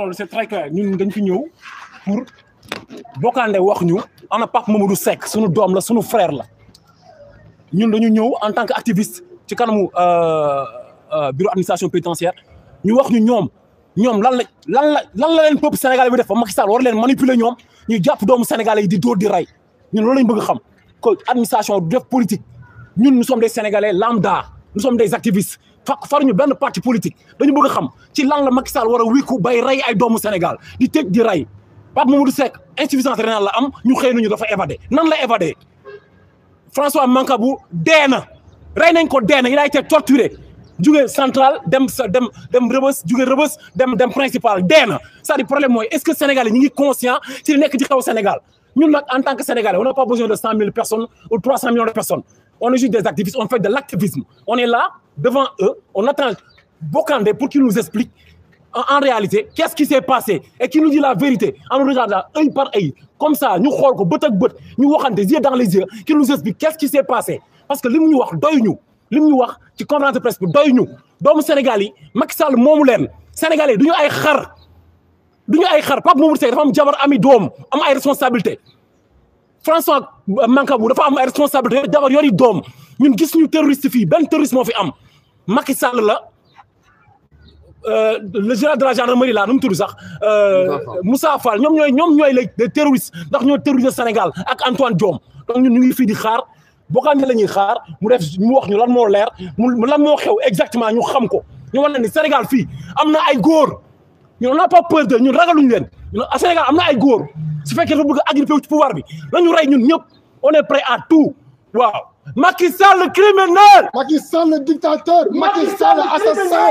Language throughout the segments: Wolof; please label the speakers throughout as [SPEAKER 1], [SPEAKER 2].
[SPEAKER 1] loolu c'est très clair ñun dañ fi ñëw pour Bokande wax ñu ana Pape Mamadou sek suñu doom la suñu frère la ñun dañu ñëw en tant que activiste ci kanamu euh, euh, bureau administration pénitentiaire ñu wax ñu ñoom ñoom lan la lan la lan la leen peuple sénégalais bi def ba Macky Sall war leen manipuler ñoom ñu jàpp doomu sénégalais di dóor di rey ñun loolu lañ bëgg xam que administration def politique ñun nous sommes des sénégalais lambda nous sommes des activistes fa ñu benn parti politique dañu bëgg a xam ci lan la Macky Sall war a wiku bay rey ay doomu Sénégal di tëj di rey Pape Mamadou sek insuffisance rénale la am ñu xëy nañu dafa évadé nan la evade évadé François Mancabou dee na rey nañ ko dee na il a été torturé central dem sa dem dem rëbës jugee rëbës dem principal dee na c'est-à-dire problème mooy est-ce que Sénégal yi ñu ngi conscient ci li nekk ci xew Sénégal ñun nag en tant que Sénégalais on n'a pas besoin de cent mille on est des activistes, on de l'activisme. On est là devant eux, on attend Bocandé pour qu'ils nous expliquent en, réalité qu'est-ce qui s'est passé et qu'ils nous dit la vérité en nous regardant œil par œil. Comme ça, nous xool ko bët ak bët ñu waxante yeux dans les yeux qu'ils nous expliquent qu'est-ce qui s'est passé parce que li mu ñu wax doy ñu li mu ñu wax ci conférence de presse bi doy ñu doomu Sénégal yi Macky Sall moomu leen Sénégalais du ñu ay xar du ñu ay xar Pape Mamadou Seck dafa am jabar ami doom am ay responsabilité François Mancabou dafa am ay responsabilité jabar yori doom ñun gis ñu terroriste fii benn terroriste moo fi am Macky Sall la euh, le général de la gendarmerie là nu mu tudd sax. Euh, Moussa Fall ñoom ñooy ñoom ñooy les terroristes ndax ñoo terrorisé Sénégal ak Antoine Diome donc ñun ñu ngi fii di xaar bokkaan la ñuy xaar mu def mu wax ñu lan moo leer mu lan moo xew exactement ñu xam ko ñu wax ne ni Sénégal fii am na ay góor. ñun on n'a pas peur de ñun ragaluñu leen ñun Sénégal am na ay góor su fekkee dafa bëgg a agrippé ci pouvoir bi nañu rey ñun ñëpp on est prêt à tout waaw Macky Sall criminel Macky Sall dictateur Macky Sall assassin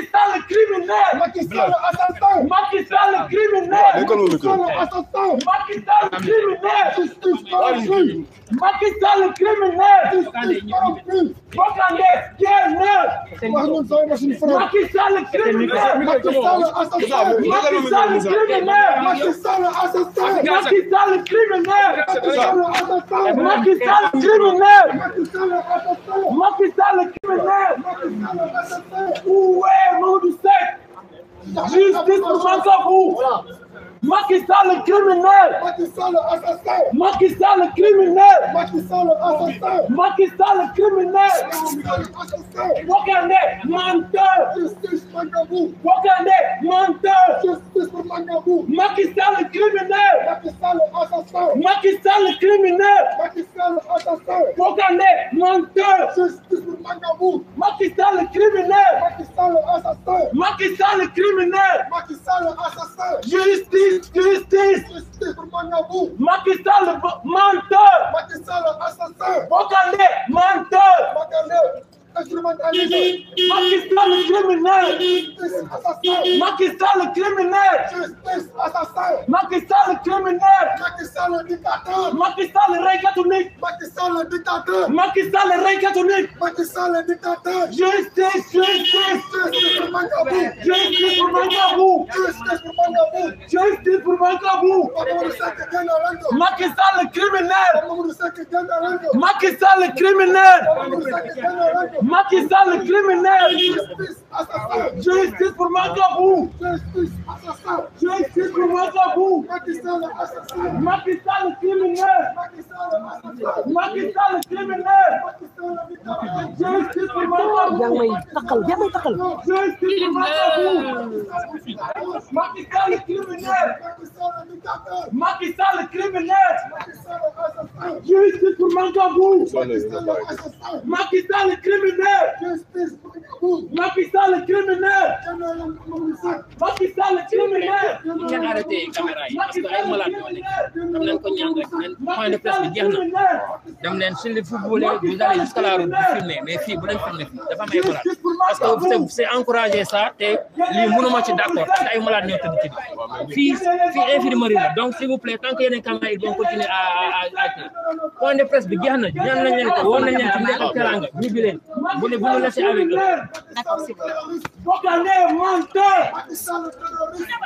[SPEAKER 2] criminel. Macky Sall assassin. Macky Sall criminel. assassin. Macky Sall criminel. justice corrompue. Macky Sall criminel. justice corrompue. Bokande génneel. wax nga sooy na suñu frère. Macky Sall criminel. Macky Sall assassin. Macky Sall criminel. Macky Sall assassin. Macky Sall criminel. Macky Sall criminel. Macky Sall criminel. Macky Sall criminel. justice pour Mansour. Voilà. Macky Sall le criminel. Macky Sall le assassin. Macky Sall le criminel. Macky Sall le assassin. Macky Sall le criminel. Wakandé menteur. Justice Mangabou. Wakandé menteur. Justice pour Mangabou. Macky Sall le criminel. Macky Sall le assassin. Macky Sall le criminel. Macky Sall le assassin. Wakandé menteur. Justice pour Mangabou. Macky Sall criminel. Macky Sall assassin. justice justice. justice pour marabout. Macky Sall menteur. Macky Sall assassin. Bokandé menteur. Bokandé instrumentalisé. Macky Sall criminel. justice assassin. Macky Sall criminel. justice assassin. Macky Sall criminel. Macky Sall dictateur. Macky Sall rey catholique. Macky Sall dictateur. Macky Sall rey catholique. Macky Sall dictateur. justice justice. contre vous. Macky criminel. Macky criminel. assassin. Justice pour Magabou. Justice, assassin. Justice pour Magabou. Macky Sall, assassin. Macky Sall, criminel. Macky Sall, criminel. Justice pour Magabou. yaa may takkal yaa may takkal. Justice pour Magabou. Macky Sall, criminel. Macky Sall, criminel. Justice pour Magabou. Macky Sall, criminel. Justice pour Macky Sall criminel. Macky Sall criminel. ngeen arrêté parce que ay malade yoo leen ko ñaan rek leen point de presse bi jeex na dam leen si li vous voulez mais fii bu leen filmer dafa am ay parce que c'est encouragé sa te lii mënuma ci d'accord parce ay malade ñoo tëdd ci bi fii fii infirmerie la donc s'il vous plaît tant que yeneen caméra yi doon continuer à à à point de presse bi na ñaan nañ leen ko woon nañ leen ci nekk teranga Vous ne voulez laisser avec eux. D'accord, c'est bon. Bokané, menteur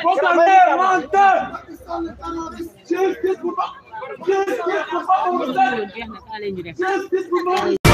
[SPEAKER 2] Bokané, menteur Justice pour pas Justice pour pas Justice pour pas